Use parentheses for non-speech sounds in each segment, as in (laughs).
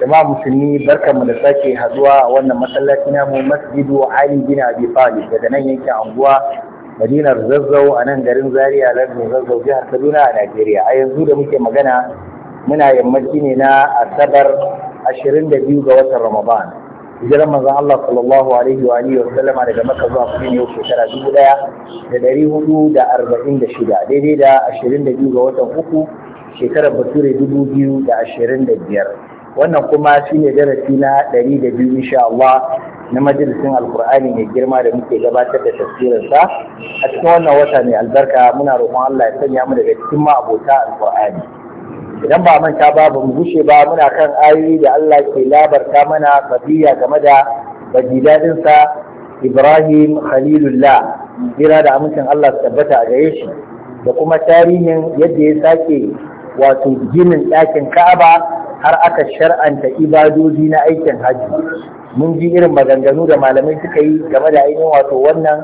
jama musulmi mu da sake haduwa a wannan masallaci namu masjidu ali bin abi talib daga nan yankin anguwa madinar zazzau a nan garin zaria lardin zazzau jihar kaduna a najeriya a yanzu da muke magana muna yammaci ne na asabar 22 ga watan ramadan hijiran manzon Allah sallallahu alaihi wa alihi wa sallama daga Makka zuwa Madina yau shekara 1446 daidai da 22 ga watan uku shekarar Bature 2025 wannan kuma shi ne darasi na ɗari da biyu insha Allah na majalisin alkur'ani mai girma da muke gabatar da tafsirinsa a cikin wannan wata mai albarka muna roƙon Allah ya sanya mu daga cikin ma'abota alkur'ani idan ba manta ba ba mu gushe ba muna kan ayoyi da Allah ke labarta mana kabiya game da bajidadinsa Ibrahim Khalilullah jira da amincin Allah su tabbata a gare shi da kuma tarihin yadda ya sake wato ginin ɗakin Ka'aba har aka shar'anta ibadoji na aikin hajji mun ji irin maganganu da malamai suka yi game da ainihin wato wannan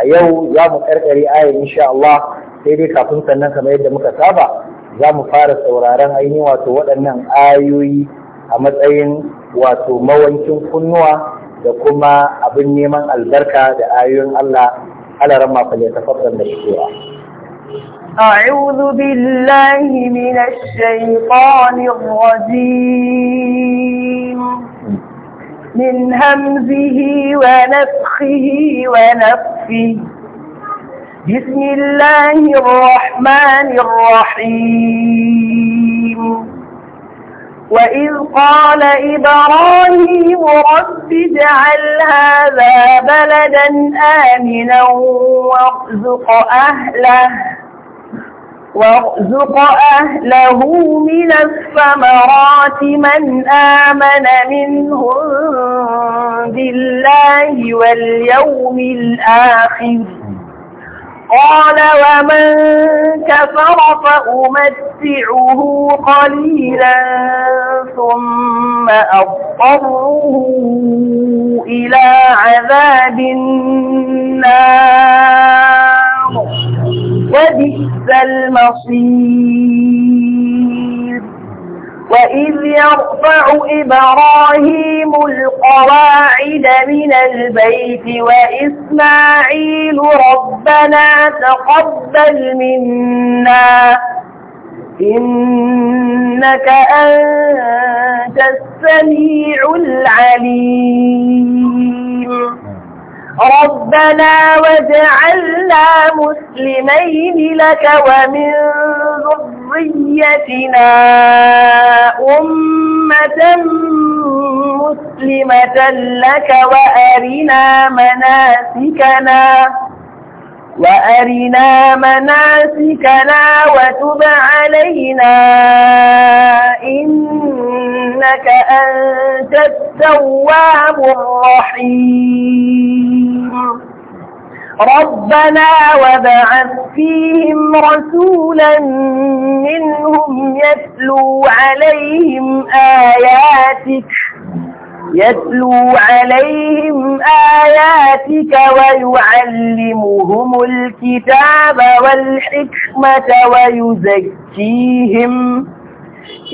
a yau za mu karkare aya insha Allah sai dai kafin sannan kamar yadda muka saba za mu fara sauraron ainihin wato waɗannan ayoyi a matsayin wato mawancin kunnuwa da kuma abin neman albarka da ayoyin Allah alaran mafalle ta da shi أعوذ بالله من الشيطان الرجيم من همزه ونفخه ونفخه بسم الله الرحمن الرحيم وإذ قال إبراهيم رب اجعل هذا بلدا آمنا وارزق أهله وارزق أهله من الثمرات من آمن منهم بالله واليوم الآخر قال ومن كفر فأمتعه قليلا ثم أضطره إلى عذاب النار وبئس المصير وإذ يرفع إبراهيم القواعد من البيت وإسماعيل ربنا تقبل منا إنك أنت السميع العليم ربنا واجعلنا مسلمين لك ومن ذريتنا أمة مسلمة لك وأرنا مناسكنا وأرنا مناسكنا وتب علينا إن إنك أنت التواب الرحيم ربنا وبعث فيهم رسولا منهم يتلو عليهم آياتك يتلو عليهم آياتك ويعلمهم الكتاب والحكمة ويزكيهم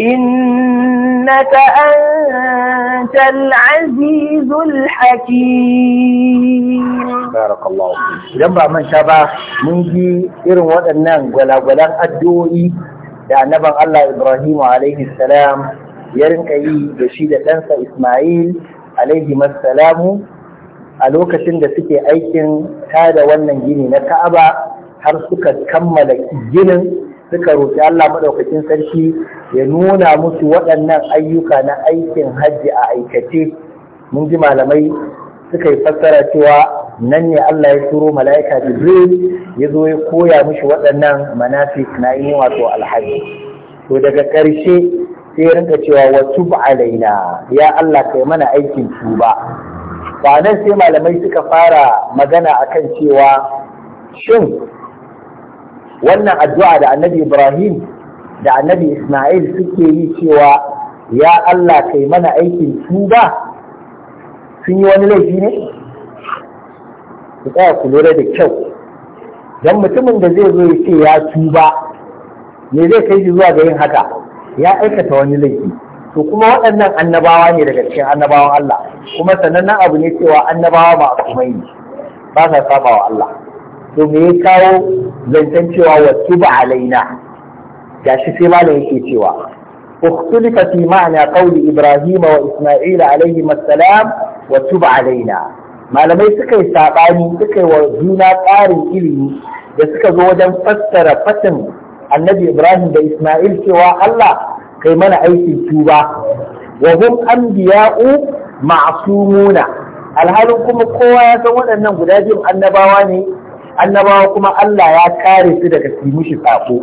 إنك أنت العزيز الحكيم بارك ba فيك جنب من شبه منجي إرم ودنان ولا ولا da annaban Allah Ibrahim alaihi salam ya rinka yi da shi da ɗansa Ismail alaihi salamu a lokacin da suke aikin tada wannan gini na Ka'aba har suka kammala ginin suka roƙi Allah maɗaukakin sarki ya nuna musu waɗannan ayyuka na aikin hajji a aikace mun ji malamai suka yi fassara cewa nan ne Allah ya turo mala'ika Jibril ya zo ya koya mishi waɗannan manafik na yin wato alhaji to daga ƙarshe sai ya rinka cewa wa tub alaina ya Allah kai mana aikin tuba ba nan sai malamai suka fara magana akan cewa shin wannan addu'a da annabi Ibrahim da annabi Ismail suke yi cewa ya Allah kai mana aikin tuba sun yi wani laifi ne? Ku tsaya ku lura da kyau. Don mutumin da zai zo ya ce ya tuba, me zai kai shi zuwa ga yin haka? Ya aikata wani laifi. To kuma waɗannan annabawa ne daga cikin annabawan Allah, kuma sanannen abu ne cewa annabawa ba a ne, ba sa saba wa Allah. to me ya kawo zancen cewa wasu ba alaina ga shi sai malam yake cewa uktulifa fi ma'ana qawli ibrahima wa isma'ila alayhi assalam wa tuba alaina malamai suka yi sabani suka yi wa juna ƙarin ilimi da suka zo wajen fassara fatin annabi ibrahim da isma'il cewa allah kai mana aikin tuba wa hum anbiya'u ma'sumuna alhalin kuma kowa ya san waɗannan guda biyu annabawa ne annabawa kuma Allah ya kare su daga su mushi sako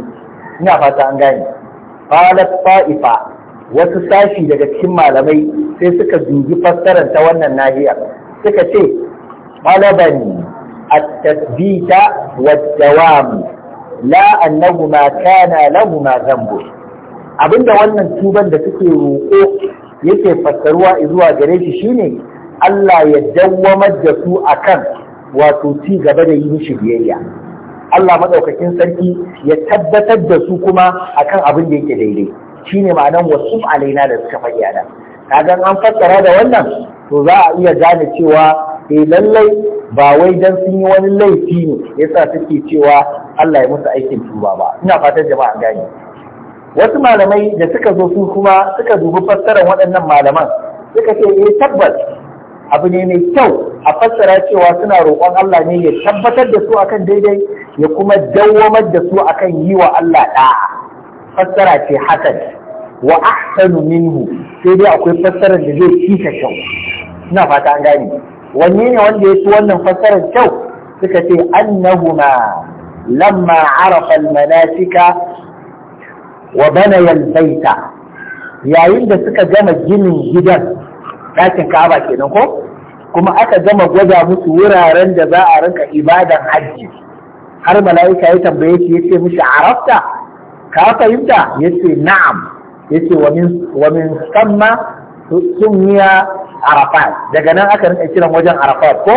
ina fata an gane qalat fa'ifa wasu sashi daga cikin malamai sai suka dubi fassarar ta wannan nahiya suka ce qalabani التثبيت والدوام لا أنهما كان لهما ذنب abinda wannan tuban da suke roƙo yake fassaruwa zuwa gare shi shine Allah ya dawwamar da su akan wato ci gaba da yi mishi biyayya Allah madaukakin sarki ya tabbatar da su kuma akan abin da yake daidai shine ma'anan wasu alaina da suka faɗi a nan kaga an fassara da wannan to za a iya gane cewa eh lallai ba wai dan sun yi wani laifi ne yasa suke cewa Allah ya musu aikin tuba ba ina fatan jama'a gane wasu malamai da suka zo su kuma suka dubi fassarar waɗannan malaman suka ce eh tabbas abu ne mai kyau a fassara cewa suna roƙon Allah ne ya tabbatar da su akan daidai ya kuma dawwamar da su akan yi wa Allah da fassara ce hasan wa ahsanu minhu sai dai akwai fassarar da zai fi ta kyau ina fata an gane wanne ne wanda ya fi wannan fassarar kyau suka ce annahuma lamma arafa almanasika wa banaya albayta yayin da suka gama ginin gidan ɗakin Ka'aba kenan ko kuma aka gama gwada musu wuraren da za a rinka ibadan hajji har mala'ika ya tambaye shi yace mishi arafta ka fahimta yace na'am yace wa min wa min samma sumiya arafat daga nan aka rinka kiran wajen arafat ko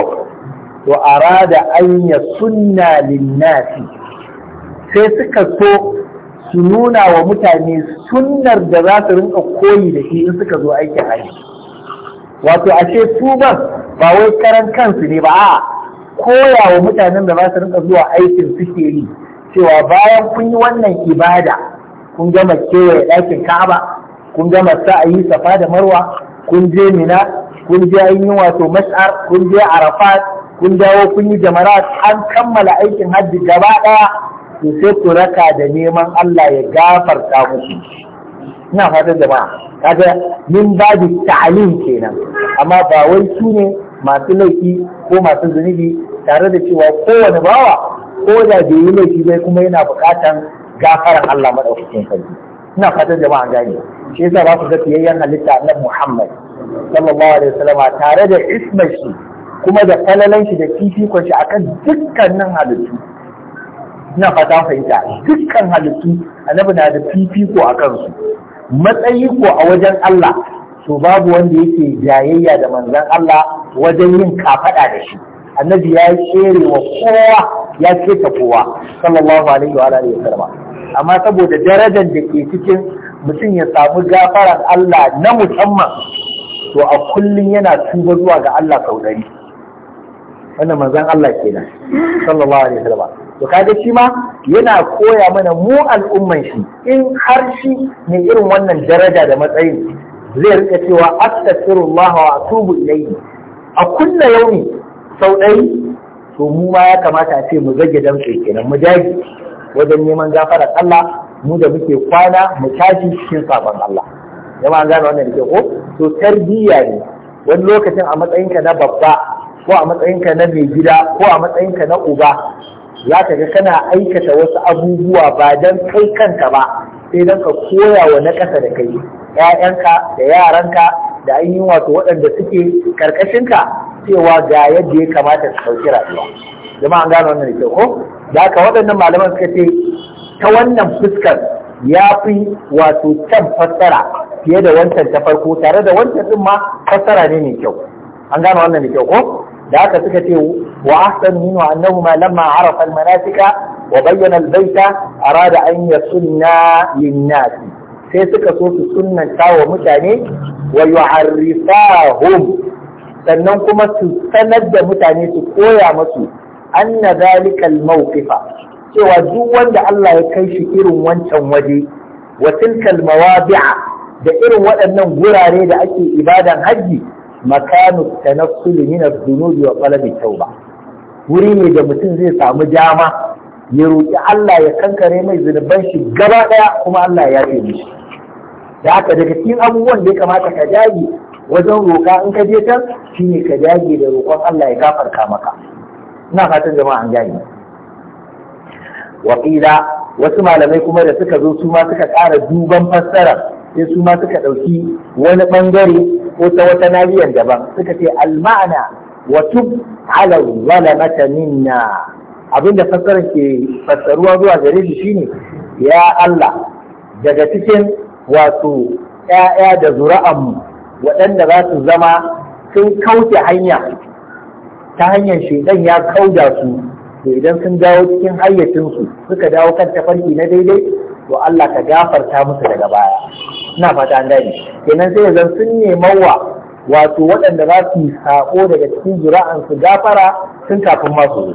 to arada an ya sunna linnasi sai suka so su nuna wa mutane sunnar da za su rinka koyi da shi in suka zo aikin hajji wato ashe su ba wai karan kansu ne ba a koya wa mutanen da za su rinka zuwa aikin suke yi cewa bayan kun yi wannan ibada kun gama kewaye ɗakin ka'aba kun gama sa'ayi safa da marwa kun je mina kun je an yi wato mas'ar kun je arafat kun dawo kun yi jamarat an kammala aikin hajji gaba ɗaya sai ku raka da neman Allah ya gafarta musu ina fatan jama'a kaga min babu ta'alim kenan amma ba wai su ne masu laifi ko masu zunubi tare da cewa kowane bawa ko da bai yi laifi bai kuma yana buƙatan gafaran Allah madaukakin sarki ina fatan jama'a gane shi yasa ba ku ga fiyayyen halitta annabi Muhammad sallallahu alaihi wasallama tare da ismar shi kuma da falalan shi da fifikon shi akan dukkanin halittu ina fata fahimta dukkan halittu annabi na da fifiko a kansu matsayi ko a wajen Allah to babu wanda yake jayayya da manzon Allah wajen yin kafada da shi annabi ya tsere wa kowa ya keta kowa sallallahu alaihi wa alihi wasallam amma saboda darajar da ke cikin mutum ya samu gafaran Allah na musamman to a kullum yana tuba zuwa ga Allah kaudari wannan manzon Allah kenan sallallahu alaihi wasallam to kaga shi ma yana koya mana mu al'umman shi in har shi ne irin wannan daraja da matsayin zai rika cewa astaghfirullah wa atubu ilayhi a kunna yaumi sau ɗai to mu ma ya kamata a ce mu zage dan kenan mu dage wajen neman gafara Allah mu da muke kwana mu tashi cikin sabon Allah an gane wannan da ke ko to tarbiyya ne wani lokacin a matsayinka na babba ko a matsayinka na mai gida ko a matsayinka na uba za ka ga kana aikata wasu abubuwa ba don kai kanka ba sai don ka koya wa na ƙasa da kai ‘ya'yanka da yaranka da an yi wato waɗanda suke ƙarƙashinka cewa ga yadda ya kamata su ɗauki rayuwa Zama an gano wannan da kyau ko da ka waɗannan malaman suka ce ta wannan fuskar ya fi wato can fassara fiye da wancan ta farko tare da wancan ɗin ma fassara ne mai kyau an gano wannan da kyau ko da haka suka ce wa ahsan minhu annahuma lamma arafa al-manasika wa bayyana al arada an yasunna lin sai suka so su sunnanta wa mutane wa yu'arrifahum sannan kuma su sanar da mutane su koya musu anna zalika cewa duk wanda Allah ya kai shi irin wancan waje wa tilkal mawadi'a da irin waɗannan gurare da ake ibadan hajji makanu tanassul min az-dunubi wa talabi tauba wuri ne da mutum zai samu dama ya roki Allah ya kankare mai zunuban shi gaba ɗaya kuma Allah ya yafe mishi da haka daga cikin abubuwan da ya kamata ka dage wajen roka in ka je can shine ka dage da roƙon Allah ya gafarta maka ina fatan jama'a an wa qila wasu malamai kuma da suka zo su ma suka ƙara duban fassarar sai su ma suka ɗauki wani ɓangare ko ta wata nahiyar daban suka ce alma'ana wa tub ala zalamata minna abinda fassarar ke fassaruwa zuwa gare shi shine ya Allah daga cikin wato ‘ya'ya da zura'anmu waɗanda za su zama sun kauce hanya ta hanyar shaidan ya kauda su to idan sun dawo cikin hayyacinsu suka dawo kan tafarki na daidai to Allah ka gafarta musu daga baya ina fata an gane kenan sai zan sun neman wa wato waɗanda za su yi saƙo daga cikin zura'ansu gafara sun kafin masu zo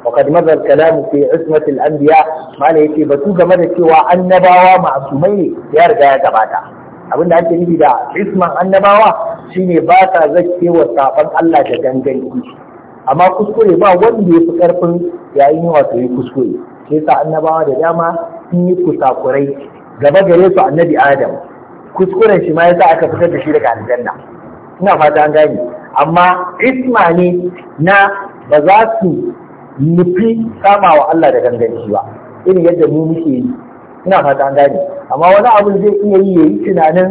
وقد مر الكلام في عصمة الأنبياء ما لا يتي بتو game da cewa annabawa ma'asumai ne ya riga ya gabata abin da ake nufi da isman annabawa shine basa zakewa zakke saban Allah da ganganci amma kuskure ba wanda ya fi karfin yayin wato yi kuskure sai sa annabawa da dama sun yi kusakurai gaba gare su annabi adam kuskuren shi ma yasa aka fitar da shi daga aljanna ina fata an gane amma isma ne na ba za su nufi sama wa Allah da shi ba irin yadda mu muke yi ina fata an gane amma wani abu zai iya yi yayi tunanin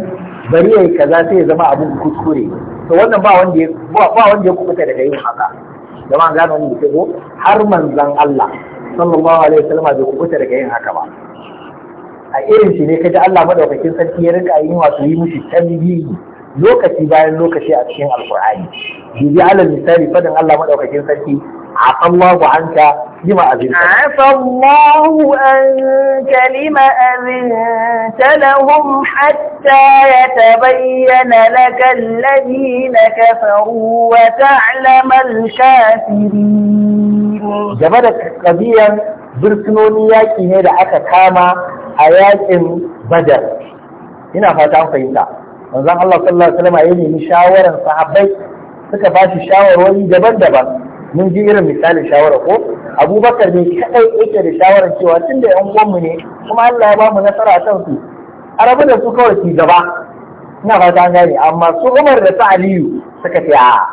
bari yayi kaza sai ya zama abin kuskure to wannan ba wanda ba wanda ya kubuta daga yin haka jama'an gano wani da ko har manzon Allah sallallahu alaihi wasallam bai kubuta daga yin haka ba a irin shi ne ka ji Allah madaukakin sarki ya rinka yin wasu yi mushi tambihi lokaci bayan lokaci a cikin alkur'ani bibi alal misali faɗin Allah madaukakin sarki afa Allahu anka lima azin afa Allahu anka lima azinta lahum hatta yatabayyana laka alladhina kafaru wa ta'lama al-kafirin gaba da kabiyan birtunoni yaƙi ne da aka kama a yaƙin bajar. ina fata fahimta manzon Allah sallallahu alaihi wasallam ya nemi shawaran sahabbai suka ba shi shawarwari daban-daban mun ji irin misalin shawara ko Abubakar ne kadai yake da shawaran cewa Tunda yan uwanmu ne kuma Allah ya ba mu nasara a kansu a rabu da su kawai ci gaba ina fata an gane amma su Umar da su Aliyu suka ce a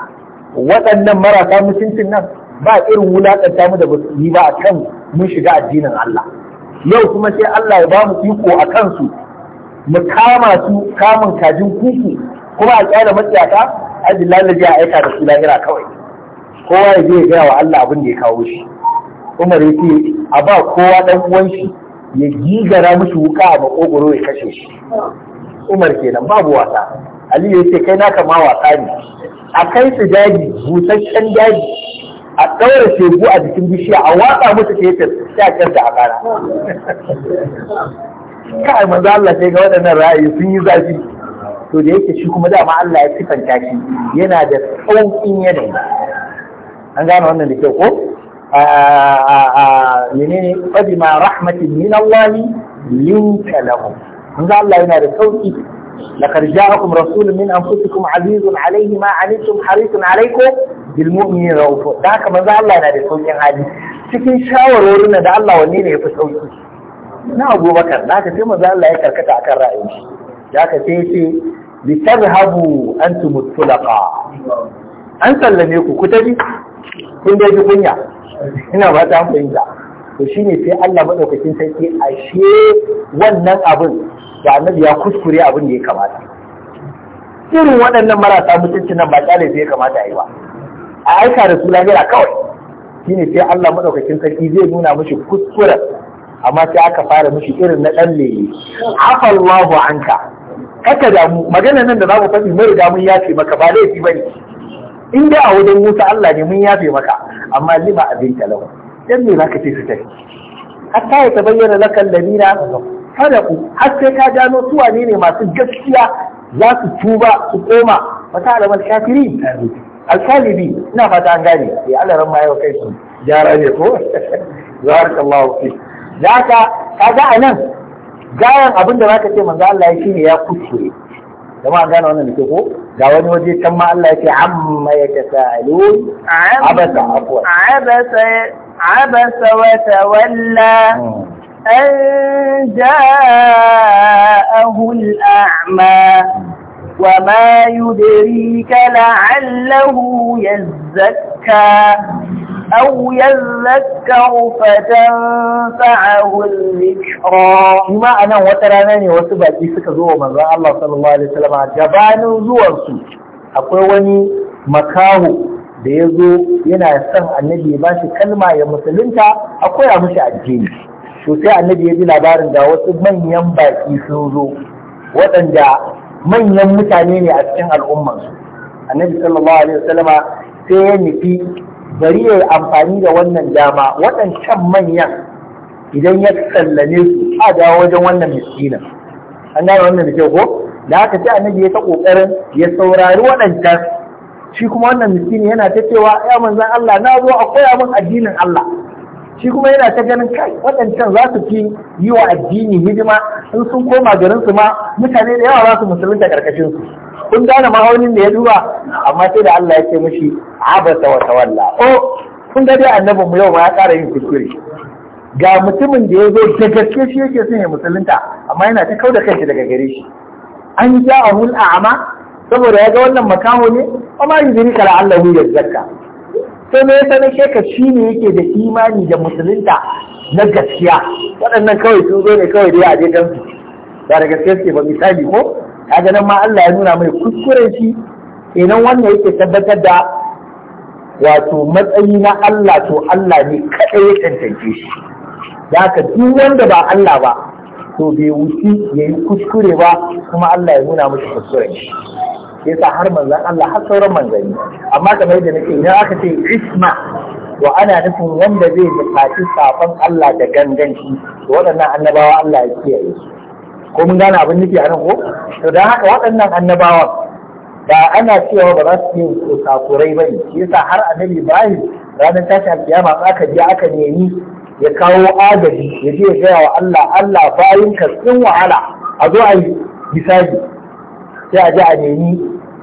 waɗannan marasa mutuncin nan ba irin wulaƙanta mu da basu yi ba a kan mun shiga addinin Allah yau kuma sai Allah ya ba mu iko a kansu mu kama su kamun kajin kuku kuma a kyara matsiyata ajillah na a aika da su lahira kawai kowa ya je gaya wa Allah abin da ya kawo shi Umar ya ce a ba kowa dan uwan shi ya gigara musu wuka a makogoro ya kashe shi Umar kenan babu wasa Ali ya ce kai naka ma wasa ne a kai su daji busasshen daji a ɗaura shegu a jikin bishiya a watsa musu fetur ta a da a ƙara kai manzo Allah sai ga waɗannan ra'ayi sun yi zafi to da yake shi kuma dama Allah ya sifanta shi yana da sauƙin yanayi an gane wannan da kyau ko a menene fadima rahmatin min Allah linka lahum manzo Allah yana da sauƙi لقد جاءكم min من azizun عزيز ma ما عنتم حريص عليكم بالمؤمنين رؤوف da haka manzo Allah yana da sauƙin hali cikin shawarwarin da Allah wanne ne ya fi sauƙi na abubakar na ka sai maza Allah ya karkata akan ra'ayin shi ya ka sai ce bi tarhabu antum tulaqa an sallame ku ku bi? kun dai kunya ina ba ta fahimta to shine sai Allah madaukakin sarki ashe wannan abin da annabi ya kuskure abin da ya kamata irin waɗannan marasa mutunci nan ba kyale sai ya kamata a yi ba a aika da su lahira kawai shine sai Allah madaukakin sarki zai nuna mashi kuskuren amma sai aka fara mishi irin na ɗan leye afallahu anka kaka damu magana nan da za mu faɗi mai da mun yafe maka ba laifi bane in dai a wajen Musa Allah ne mun yafe maka amma lima abin talau dan me zaka ce su kai hatta ya tabayyana laka alladina sadaku har sai ka gano su wane ne masu gaskiya za su tuba su koma mata alamar kafiri alkalibi ina fata an gane ya Allah ran ma yau kai su jara ne ko (laughs) barakallahu fi Za haka kaga a nan gayan abin da ka ce manzo Allah ya shine ya kuskure jama'a an gane wannan da ke ko ga wani waje can ma Allah ya ce amma ya tasalu abasa afwa abasa abasa wa tawalla hmm. an ja'ahu al-a'ma وما يدريك لعله يزكى أو يذكر فتنفعه الذكرى ما أنا وترانني وسبع جيسك suka zo الله صلى الله عليه وسلم جبان زوى سوء Akwai wani مكاهو da ya zo yana son annabi ya bashi kalma ya musulunta a koya mushi addini to sai annabi ya ji labarin da wasu manyan baki sun zo waɗanda manyan mutane ne a cikin al'ummarsu annabi sallallahu alaihi wasallama sai ya nufi bari ya yi amfani da wannan dama waɗancan manyan idan ya tsallane su a dawo wajen wannan miskinan. an gane wannan da ko da aka ce annabi ya ta kokarin ya saurari waɗancan shi kuma wannan miskini yana ta cewa ya manzan Allah na zo a koya min addinin Allah shi kuma yana ta ganin kai waɗancan za su fi yi wa addini hidima in sun koma garinsu ma mutane da yawa za su musulunta karkashin su kun gane ma'aunin da ya duba amma sai da Allah ya ce mushi abasa wa tawalla Ko oh, kun ga dai annabin mu yau ma ya ƙara yin kuskure ga mutumin da ya zo da gaske shi yake son ya musulunta amma yana ta kauda kanshi daga gare shi an ja a ama saboda ya ga wannan makaho ne amma yuzuri kala Allah ya zakka sai me yasa sheka ka ne yake da imani da musulunta na gaskiya waɗannan kawai sun zo ne kawai dai a je dan su ba da gaske suke ba misali ko kaga nan ma Allah ya nuna mai kuskuren shi kenan wannan yake tabbatar da wato matsayi na Allah to Allah ne kadai ya tantance shi da ka duk wanda ba Allah ba to bai wuce ya yi kuskure ba kuma Allah ya nuna mai kuskuren shi yasa har manzan Allah har sauran manzanni amma kamar yadda nake idan aka ce isma wa ana nufin wanda zai buƙaci safan Allah da ganganci to waɗannan annabawa Allah ya kiyaye ko mun gane abin nufi a nan ko to don haka waɗannan annabawan da ana cewa ba za su yi sakurai ba ne shi yasa har annabi ibrahim ranar tashin alkiyama aka je aka nemi ya kawo agaji ya je ya gaya wa Allah Allah bayan ka tsin wahala a zo a yi misali sai a je a nemi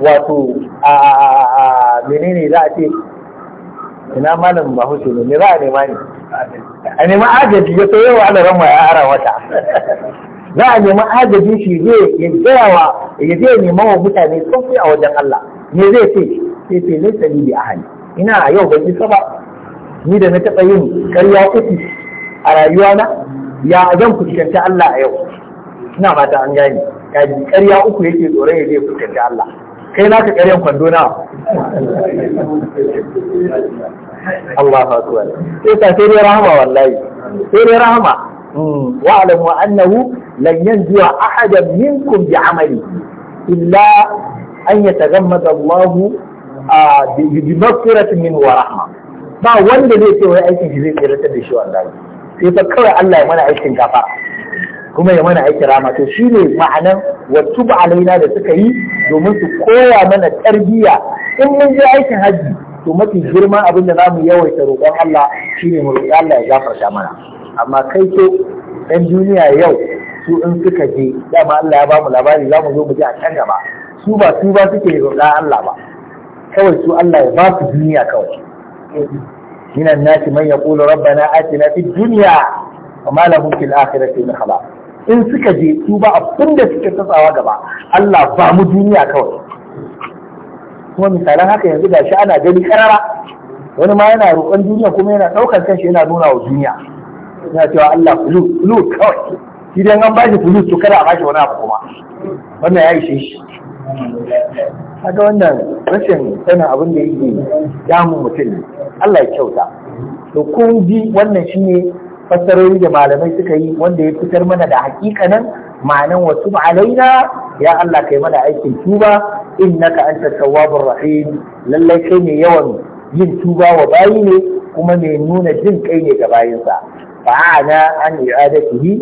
wato a menene za a ce ina malam bahaushe ne me za a nema ne a nema agaji ya so yawa ran ma ya ara wata (laughs) za a nemi agajin shi zai ya gaya wa ya zai nemi wa mutane tsofi a wajen Allah me zai ce sai sai ne sani bi ahli ina a yau ban isa ba ni da na taɓa yin karya uku a rayuwa na ya zan fuskanci Allah a yau ina mata an gane kaji karya uku yake tsoron ya zai fuskanci Allah kai naka karyan kwando na Allah fa kuwa sai ta sai dai rahama wallahi sai dai rahama واعلموا أنه لن ينجو أحدا منكم بعمله إلا أن يتغمد الله بمغفرة منه ورحمة ba wanda zai ce wai aikin shi zai tsiratar da shi wallahi sai fa kawai Allah ya mana aikin gafa kuma ya mana aikin rama to shine ma'anan wattu ba alaina da suka yi domin su koya mana tarbiyya in mun je aikin hajji to mafi girman abin da zamu yawaita roƙon Allah shine mu roƙi Allah ya gafarta mana amma kai ke ɗan duniya yau su in suka je dama Allah ya bamu labari za mu zo mu ji a can gaba su ba su ba suke roƙa Allah ba kawai su Allah ya ba su duniya kawai minan nasi man yaqulu rabbana atina fid dunya wa ma lahu fil akhirati min khalaq in suka je su ba abin da suke tsatsawa gaba Allah ba mu duniya kawai kuma misalan haka yanzu gashi ana gani karara wani ma yana roƙon duniya kuma yana ɗaukar kanshi yana nuna wa duniya suna cewa Allah kulu kulu kawai shi an bashi kulu to kada a bashi wani abu kuma wannan ya ishe shi kaga wannan rashin sanin abin da yake damun mutum ne Allah ya kyauta to kun ji wannan shine fassarori da malamai suka yi wanda ya fitar mana da hakikanin ma'anan wasu alaina ya Allah kai mana aikin tuba innaka anta tawwabur rahim lallai kai ne yawan yin tuba wa bayi ne kuma mai nuna jin kai ne ga bayinsa fa'ana an i'adatihi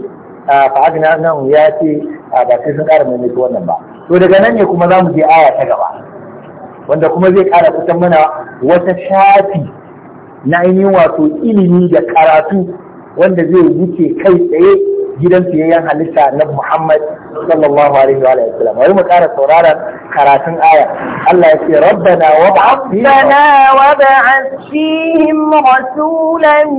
fa'adna annahu ya ce ba sai sun ƙara wannan ba to daga nan ne kuma zamu je aya ta gaba wanda kuma zai ƙara fitan mana wata shafi na ainihin wato ilimi da karatu wanda zai wuce kai tsaye gidan fiyayyen halitta na Muhammad sallallahu alaihi wa sallam wai mu ƙara sauraron karatun aya Allah ya ce rabbana wa lana wa ba'athihim rasulan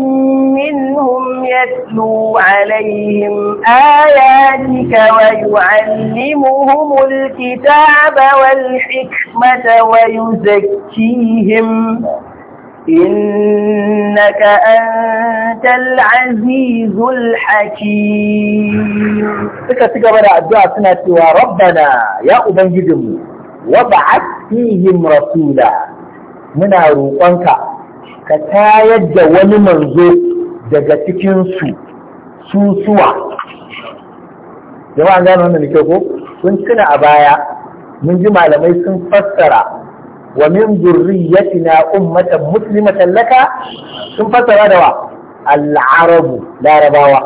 minhum yatlu alaihim ayatika wa yu'allimuhum alkitaba wal hikmata wa yuzakkihim إنك أنت العزيز الحكيم suka ci gaba da addu'a suna cewa rabbana ya ubangijinmu wa ba'at fihim rasula muna roƙonka ka tayar da wani manzo daga cikin su susuwa jama'a gano wannan ne ko kun tuna a baya mun ji malamai sun fassara wa min zurriyatina ummatan muslimatan laka sun fassara da wa al-arabu larabawa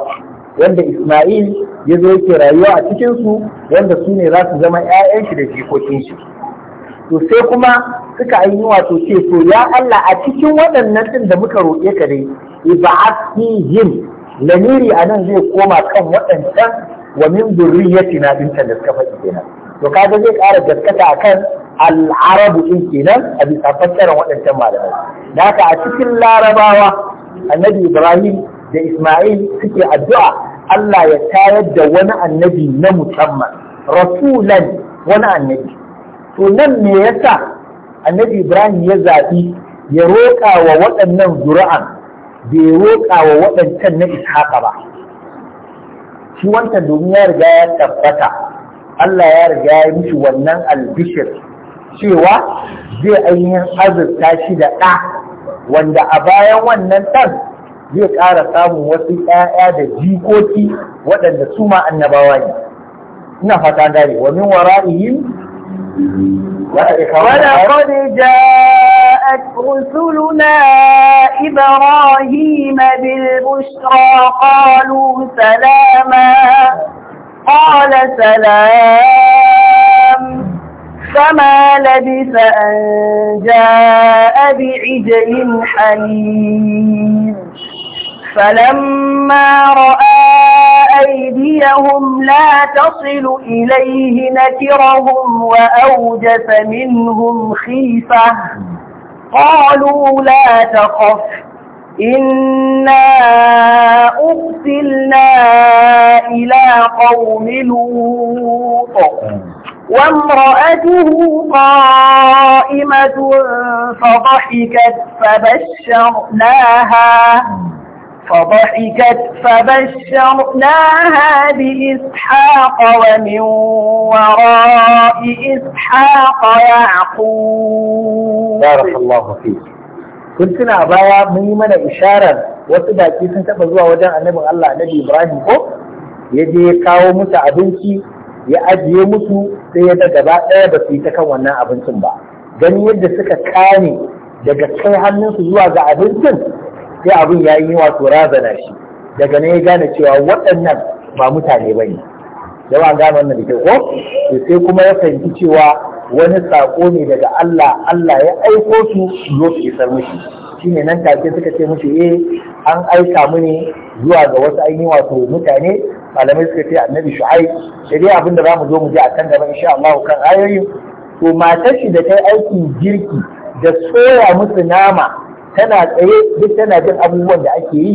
wanda Isma'il ya zo yake rayuwa a cikin su wanda su ne za su zama 'ya'yanshi shi da jikokinshi. shi to sai kuma suka an yi wato ce to ya Allah a cikin waɗannan ɗin da muka roƙe ka dai ib'athihim lamiri nan zai koma kan waɗancan wa min zurriyatina din da suka faɗi kenan to kaga zai ƙara gaskata akan al'arabu in kenan a bisa fassarar waɗancan malamai da haka a cikin larabawa annabi ibrahim da isma'il suke addu'a Allah ya tayar da wani annabi na musamman rasulan wani annabi to nan me yasa annabi ibrahim ya zaɓi ya roƙa wa waɗannan zuri'an bai roƙa wa waɗancan na ishaƙa ba shi wancan domin ya riga ya tabbata Allah ya riga ya mishi wannan albishir cewa zai ainihin azurta shi da ɗa wanda a bayan wannan ɗan zai ƙara samun wasu ƴaƴa da jikoki waɗanda su ma annabawa ne ina fata gane wa min wara'ihim ولقد جاءت رسلنا إبراهيم بالبشرى قالوا سلاما قال سلام فما لبث أن جاء بعجل حليم فلما رأى أيديهم لا تصل إليه نكرهم وأوجس منهم خيفة قالوا لا تخف إنا أرسلنا إلى قوم لوط وامرأته قائمة فضحكت فبشرناها فضحكت فبشرناها بإسحاق ومن وراء إسحاق يعقوب بارك الله فيك كنت أنا أبايا ميمنة إشارة كيف سنتبه زوا وجه النبي الله النبي إبراهيم يجي كاو je ya ajiye musu sai ya ga gaba ɗaya ba su yi ta kan wannan abincin ba gani yadda suka kane daga kai hannunsu zuwa ga abincin sai abin ya yi wato razana shi daga nan ya gane cewa waɗannan ba mutane ba ne yawa gano wannan da ke ko sai kuma ya fahimci cewa wani saƙo ne daga Allah Allah ya aiko su zo su isar shi shine nan take suka ce mushi eh an aika mu ne zuwa ga wasu ainihin wato mutane malamai suka ce annabi shu'aib da dai abin da za mu zo mu ji a kan gaba insha Allah kan ayoyin to matar shi da ta aikin girki da soya musu nama tana tsaye duk tana jin abubuwan da ake yi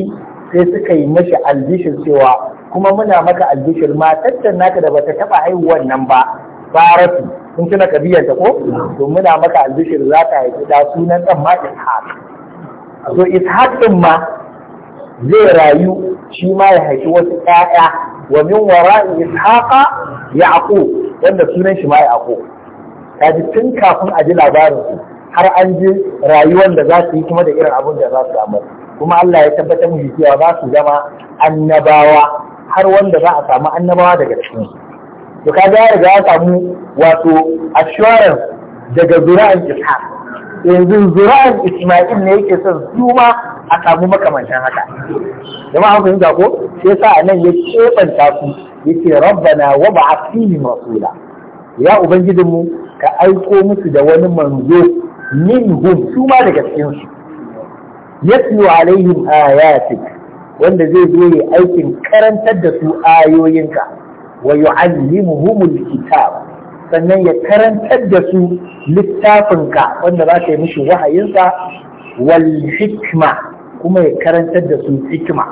sai suka yi mashi albishir cewa kuma muna maka albishir matar ta naka da bata taba haihuwan nan ba faratu kun tuna ta ko to muna maka albishir za ta haifi da sunan dan ma ishaq to ishaq din ma zai rayu shi ma ya haifi wasu ƴaƴa wa min wara'i ishaqa yaqub wanda sunan shi ma yaqub kaji tun kafin a ji labarin har an ji rayuwar da za su yi kuma da irin abin da za su samu kuma Allah ya tabbatar mu cewa za su zama annabawa har wanda za a samu annabawa daga cikin su to kaga ya samu wato assurance daga zura'an ishaq yanzu zura'an isma'il ne yake son su ma a samu makamantan haka jama'a an fahimta ko shi yasa a nan ya kebanta su yace rabbana wa ba'ath fihim rasula ya mu ka aiko musu da wani manzo minhum su ma daga cikin su yatlu alaihim ayatik wanda zai zo yi aikin karantar da su ayoyinka wa yu'allimuhumul kitab sannan ya karantar da su littafinka wanda za ka yi mishi wahayinsa wal hikma kuma ya karantar da su hikima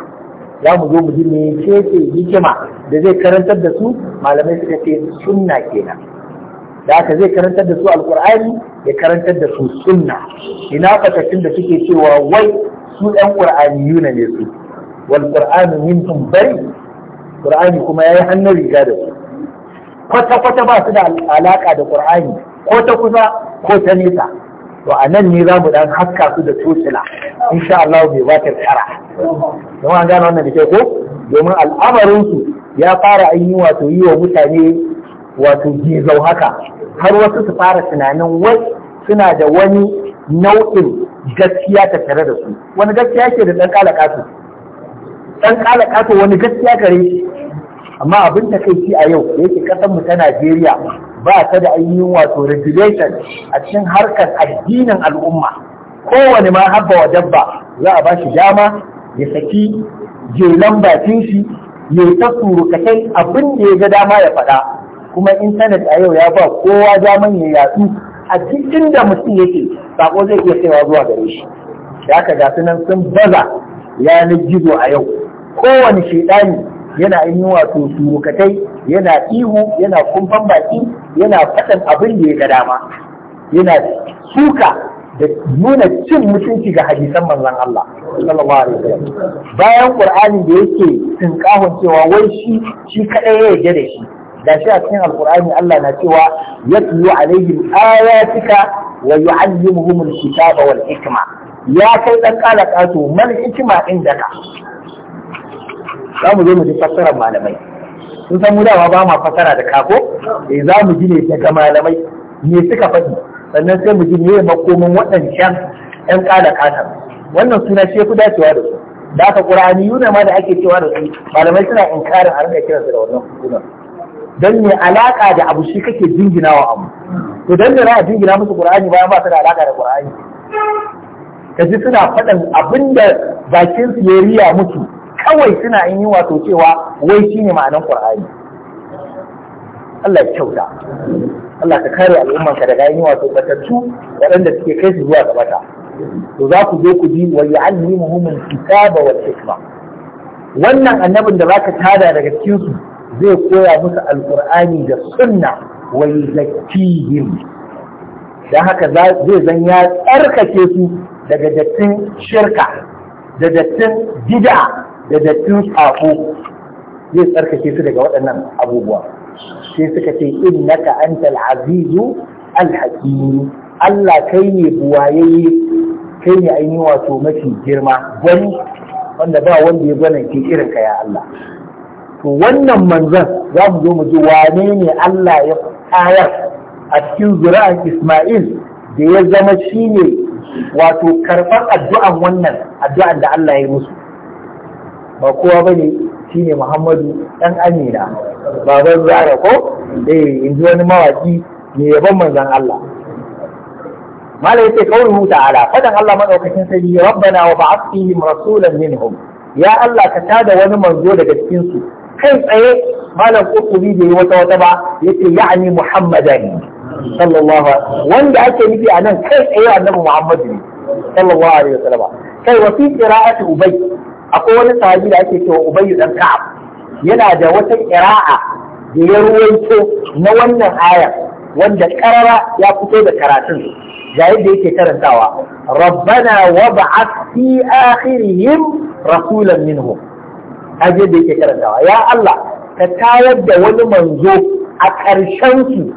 za mu zo mu ji me ce hikima da zai karantar da su malamai suka ce sunna kenan da haka zai karantar da su alkur'ani ya karantar da su sunna ina fatattun da suke cewa wai su ɗan yuna ne su wal min minhum bari Ƙur'ani kuma ya yi hannun riga da su kwata kwata ba su da alaƙa da ƙur'ani ko ta kusa ko ta nesa to a nan ne za mu dan haska su da tutsila insha Allah bai ba ta tsara don an gano wannan da ke ko domin al'amarin su ya fara an yi wato yi wa mutane wato gizau haka har wasu su fara tunanin wai suna da wani nau'in gaskiya ta tare da su wani gaskiya ke da dan kala dan kala wani gaskiya kare? shi amma abin da kai a yau da yake kasan mu ta Najeriya ba ta da ainihin wato regulation a cikin harkar addinin al'umma kowane ma habba wa dabba za a ba shi dama ya saki jelan bakin shi ya ta surukatai abin da ya ga dama ya faɗa kuma intanet a yau ya ba kowa daman ya yatsu a duk inda mutum yake saƙo zai iya kaiwa zuwa gare shi da aka gasu nan sun baza yanar gizo a yau kowane shaidani yana yin wato surukatai yana ihu yana kumfan baki yana faɗan abin da ya ga dama yana suka da nuna cin mutunci ga hadisan manzon Allah sallallahu alaihi wasallam bayan qur'ani da yake tinkahon cewa wai shi shi kadai ya yarda da shi da shi a cikin alqur'ani Allah na cewa yatlu alaihim ayatika wa yu'allimuhum alkitaba wal hikma ya kai dan kala kato man hikima indaka za mu zo mu ji fassarar malamai sun san mu dawa ba ma fassara da kako eh za mu ji ne daga malamai me suka faɗi sannan sai mu ji me makomin waɗancan ɗan kala ƙatar wannan suna ce ku dacewa da su da aka qur'ani yuna ma da ake cewa da su malamai suna inkarin a rinka kiransu da wannan sunan dan me alaka da abu shi kake jinginawa abu to dan da za a jingina musu qur'ani bayan ba su da alaka da qur'ani kaji suna faɗan abinda bakin su ya riya mutu kawai suna yi wato cewa wai shine ma'anan ƙur'ani. Allah ya kyauta Allah ka kare al'ummanka daga yin wato batattu waɗanda suke kai su zuwa gabata to za ku zo ku bi wa yu'allimuhumul kitaba wal hikma wannan annabin da zaka tada daga cikin su zai koya musu alqur'ani da sunna wa yuzakkihim dan haka zai zan ya tsarkake su daga dattin shirka da dattin bid'a da dattin sako zai tsarkake su daga waɗannan abubuwa sai suka ce innaka ka azizu al hakim Allah kai ne buwayayye kai ne ainihin wato mafi girma gwani wanda ba wanda ya gwanan ke irin ka ya Allah to wannan manzon za mu zo mu ji wane ne Allah ya kayar a cikin zura'an Isma'il da ya zama shine wato karɓar addu'an wannan addu'an da Allah ya musu ba kowa ba ne shi ne muhammadu ɗan amina baban zara ko eh in ji wani mawaƙi mai yaban manzan Allah mala yace kauluhu ta'ala fadan Allah madaukakin sarki rabbana wa ba'ath fihim rasulan minhum ya Allah ka tada wani manzo daga cikin su kai tsaye malam qurtubi yi wata wata ba yace ya'ni muhammadan sallallahu alaihi wanda ake nufi a nan kai tsaye annabi muhammadu ne sallallahu alaihi wasallam kai wasi qira'ati ubay akwai wani sahabi da ake cewa ubayyu dan ka'ab yana da wata qira'a da ya ruwaito na wannan aya wanda karara ya fito da karatun ga yadda yake karantawa rabbana wa ba'ath fi akhirihim rasulan minhum aje da yake karantawa ya Allah ka tayar da wani manzo a ƙarshen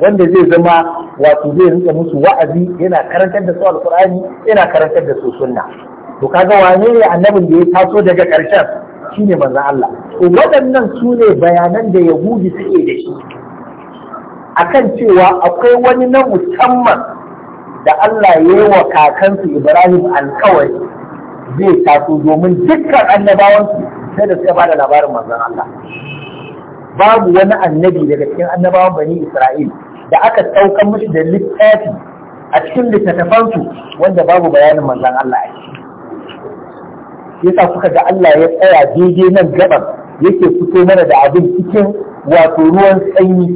wanda zai zama wato zai rinka musu wa'azi yana karantar da su alqur'ani yana karantar da su sunna to kaga wane ne annabin da ya taso daga ƙarshen shine manzon Allah to waɗannan su ne bayanan da yahudi suke da shi akan cewa akwai wani na musamman da Allah ya yi wa kakansu Ibrahim alkawari zai taso domin dukkan annabawansu sai da suka bada labarin manzon Allah babu wani annabi daga cikin annabawan bani Isra'il da aka ɗaukar mishi da littafi a cikin littattafansu wanda babu bayanin manzon Allah a ciki yasa kuka ga Allah ya tsaya daidai nan gaban yake fito mana da abin cikin wato ruwan sanyi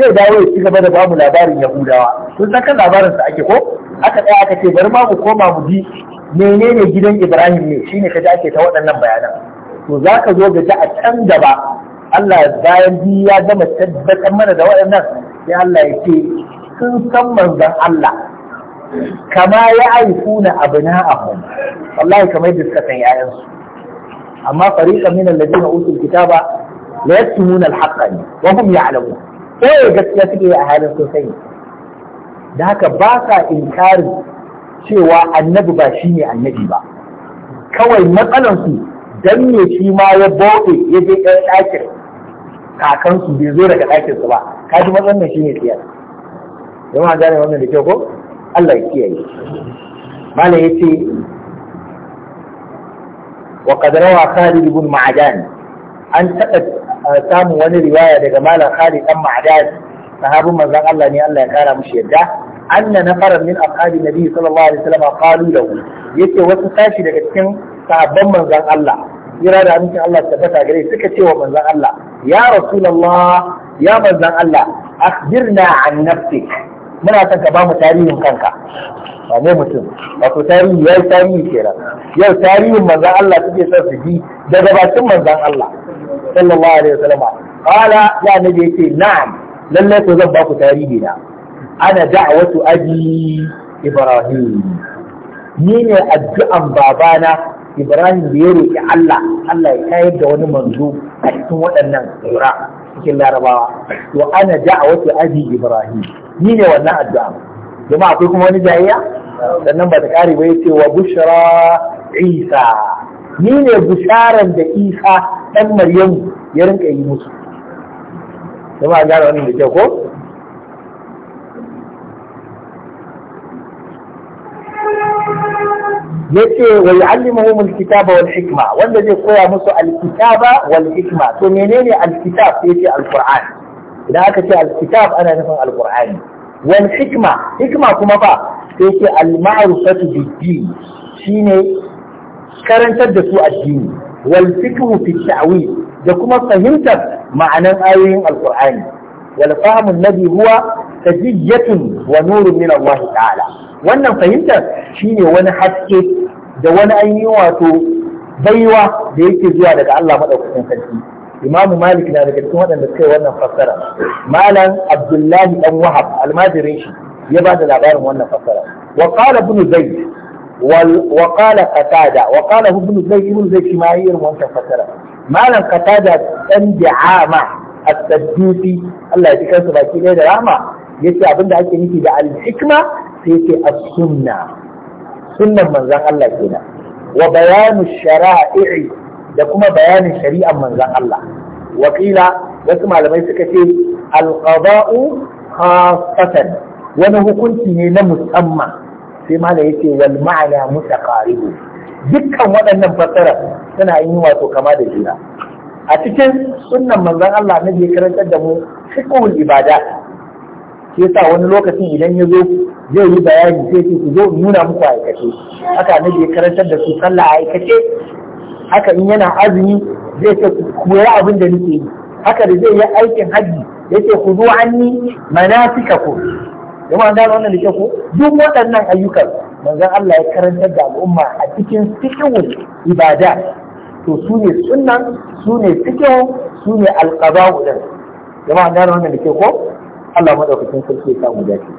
zai dawo ya ci gaba da bamu labarin Yahudawa kun san kan labarin sa ake ko aka tsaya aka ce bari ma mu koma mu bi menene gidan Ibrahim ne shine kaji ake ta waɗannan bayanan to zaka zo ga a can gaba Allah bayan bi ya gama tabbatar mana da waɗannan sai Allah ya ce sun san manzon Allah kama ya aiku na abu na abu. wallahi kamar da suka san yayansu amma fariqa min alladhina utul kitaba la yaktumuna al-haqqa wa hum ya'lamun sai gaskiya suke a halin sun sani da haka ba sa inkari cewa annabi ba shine annabi ba kawai matsalansu dan ne shi ma ya bauɗe ya je ɗan ɗakin kakansu bai zo daga ɗakinsu ba kaji matsalan shi ne siyar gane wannan da kyau ko Allah ya kiyaye mala yace wa qad rawa Khalid ibn Ma'dan an taɓa uh, samun wani riwaya daga malam Khalid dan Ma'dan sahabin manzan Allah ne Allah ya kara mushi yadda na nafaran min alƙali na biyu sallallahu alaihi wasallam qalu lahu yace wasu tashi daga cikin sahabban manzan Allah jira da amincin Allah ta tabbata gare suka ce wa manzan Allah ya rasulallah, ya manzan Allah akhbirna an nafsika muna son ka ba mu tarihin kanka ba ne mutum wato tarihi ya yi tarihi kenan yau tarihin manzan Allah suke son su ji daga bakin manzan Allah sallallahu alaihi wasallam qala ya nabi yace na'am lalle to zan ba ku tarihi na ana da'watu abi ibrahim ni ne addu'an babana Ibrahim da ya roƙi Allah Allah ya kayar da wani manzo a cikin waɗannan tsira cikin larabawa to ana da'awatu abi ibrahim ni ne wannan addu'a kuma akwai kuma wani jayayya sannan ba ta kare ba yace wa bushra isa ni ne bisharan da isa dan maryamu ya rinka yi musu kuma an wannan da kyau ko yace wa yu'allimuhum alkitaba wal hikma wanda zai koya musu alkitaba wal hikma to menene alkitab yace alquran idan aka ce alkitab ana nufin alqur'ani wal hikma hikma kuma fa yace al bid-din shine karantar da su addini wal fiqhu fi da kuma fahimtar ma'anan ayoyin alqur'ani wal fahmu alladhi huwa tajiyatun wa nurun min Allah ta'ala wannan fahimtar shine wani haske da wani ainihin wato baiwa da yake zuwa daga Allah madaukakin sarki imamu malik na daga cikin waɗanda suka yi wannan fassara malam abdullahi dan wahab almajirin shi ya ba da labarin wannan fassara wa qala ibn zayd wa qala qatada wa qala ibn zayd ibn zayd shi ma yi irin wannan fassara malam qatada dan bi'ama as-saddusi Allah ya ji kansa baki ɗaya da rahma yace abinda ake nufi da al-hikma sai ce a sunna sunnan Manzan Allah kenan wa bayanu shara'i da kuma bayanin shari'ar manzan Allah Wakila, wasu malamai suka ce al-qada'u wani hukunci ne na musamman sai malam yace wal ma'ana mutaqaribu dukkan waɗannan fassara suna yin wato kama da juna a cikin sunnan Manzan Allah na je karantar da mu fiqhul ibada Sai sa wani lokacin idan ya zo zai yi bayani sai ce ku zo nuna muku aikace haka annabi ya karantar da su sallah aikace haka in yana azumi zai ce ku koyi abin da nake yi haka da zai yi aikin hajji yace ku zo anni ku kuma an gano wannan da ke ko duk waɗannan ayyukan manzon Allah ya karantar da al'umma a cikin fiqhul ibada to su ne sunnan su ne fiqh su ne alqaba'u din kuma an gano wannan da ke ko Allah madaukakin sarki ya samu dace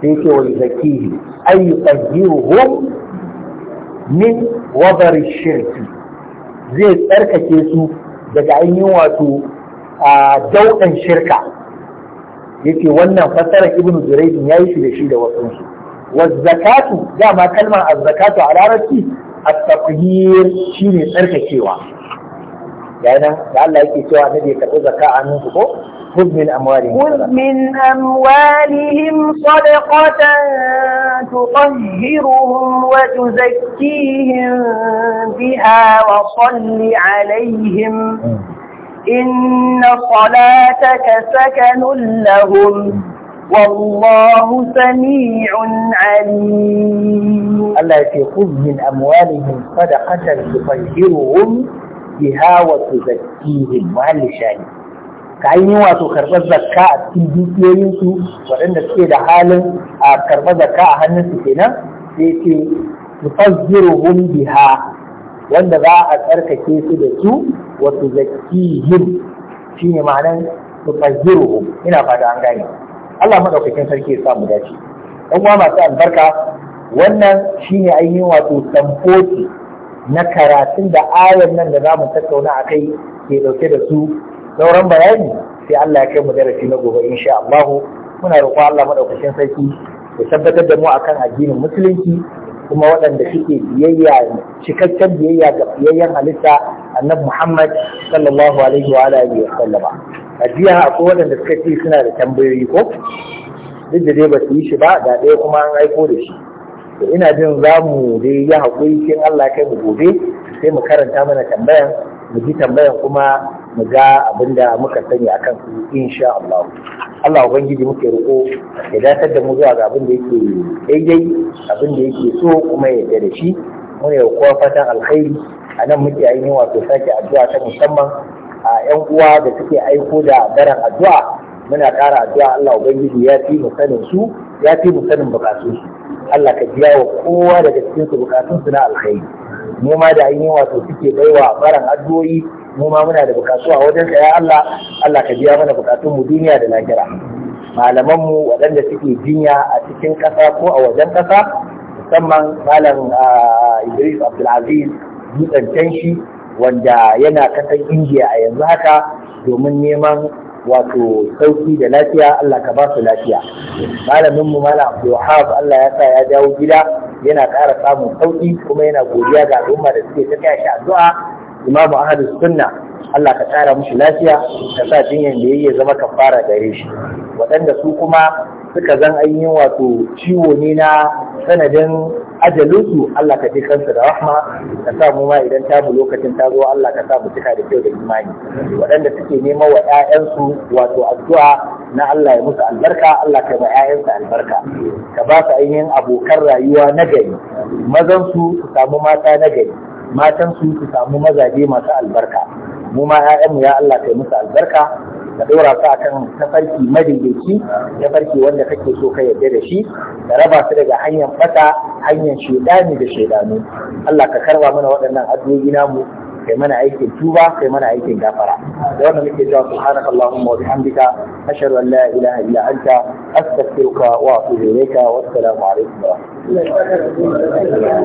sai ce wa zakihi ay yutahhiruhum min wadar shirki zai tsarkake su daga ainihin wato a daudan shirka yake wannan fasarar ibnu ya yi shi da shi da wasu su wazzakatu dama kalmar azzakatu a larabci at-taqhir shine tsarkakewa يعني ده الله يكي سوى النبي زكاة عنه فوق خذ من أموالهم خذ من أموالهم صدقة تطهرهم وتزكيهم بها وصل عليهم إن صلاتك سكن لهم والله سميع عليم الله يقول من أموالهم صدقة تطهرهم biha wa tuzakkihim mahalli shani ka yi wato karbar zakka a cikin dukiyoyinsu waɗanda suke da halin a karbar zakka a hannun hannunsu kenan sai ce tufazziruhum biha wanda za a tsarkake su da su wa tuzakkihim shine ma'anar tufazziruhum ina fata an gane Allah madaukakin sarki ya samu dace dan uwa masu albarka wannan shine ainihin wato tamfoti na karatun da ayan nan da za mu tattauna a kai ke ɗauke da su sauran bayani sai Allah ya kai mu darasi na gobe insha Allah muna roƙon Allah madaukakin sarki ya tabbatar da mu akan addinin musulunci kuma waɗanda suke biyayya cikakken biyayya ga biyayyen halitta annabi Muhammad sallallahu alaihi wa alihi wa sallama a jiya akwai waɗanda suka ce suna da tambayoyi ko duk da dai ba su yi shi ba da ɗaya kuma an aiko da shi to ina jin za mu dai yi haƙuri kin Allah kai mu gobe sai mu karanta mana tambayan mu ji tambayan kuma mu ga abin da muka sani a kan su insha Allah Allah ubangiji muke riko ya dakatar da mu zuwa ga abin da yake daidai abin da yake so kuma ya yarda da shi muna yau kowa fatan alkhairi a nan muke ainihin wato sake addu'a ta musamman a yan uwa da suke aiko da daren addu'a muna ƙara addu'a Allah ubangiji ya fi mu sanin su ya fi mu sanin bukatun su Allah ka biya wa kowa daga cikin su bukatun su na alkhairi mu ma da ainihin wato suke baiwa baran addu'o'i mu ma muna da bukatu a wajen ka ya Allah Allah ka biya mana bukatun mu duniya da lahira malaman mu waɗanda suke jinya a cikin ƙasa ko a wajen ƙasa musamman malam Idris Abdulaziz dutsen shi wanda yana kasan Indiya a yanzu haka domin neman wato sauki da lafiya Allah ka ba su lafiya malamin mu mala Abdul Allah ya sa ya dawo gida yana ƙara samun sauki kuma yana godiya ga al'umma da suke ta kai shi addu'a Imam Ahmad Sunna Allah ka ƙara mushi lafiya ka sa jinyan da yayi ya zama kafara gare shi waɗanda su kuma suka zan ainihin wato ciwo ne na sanadin ajalinsu Allah ka ji kansu da rahma ka sa mu ma idan ta mu lokacin ta zo Allah ka sa mu cika da kyau da imani waɗanda suke nema wa ƴaƴansu wato addu'a na Allah ya musu albarka Allah ka ba ƴaƴansu albarka ka ba su ainihin abokan rayuwa na gari mazan su su samu mata na gari matan su su samu mazaje masu albarka mu ma ƴaƴanmu ya Allah ka musu albarka ka ɗora su akan tafarki madaidaici tafarki wanda kake so ka yarda da shi ka raba su daga hanyar fata hanyar shaidani da shaidanu Allah ka karba mana waɗannan addu'o'i namu kai mana aikin tuba kai mana aikin gafara da wannan muke cewa subhanakallahu allahumma wa bihamdika ashhadu an la ilaha illa anta astaghfiruka wa atubu ilayka wa assalamu alaikum wa rahmatullahi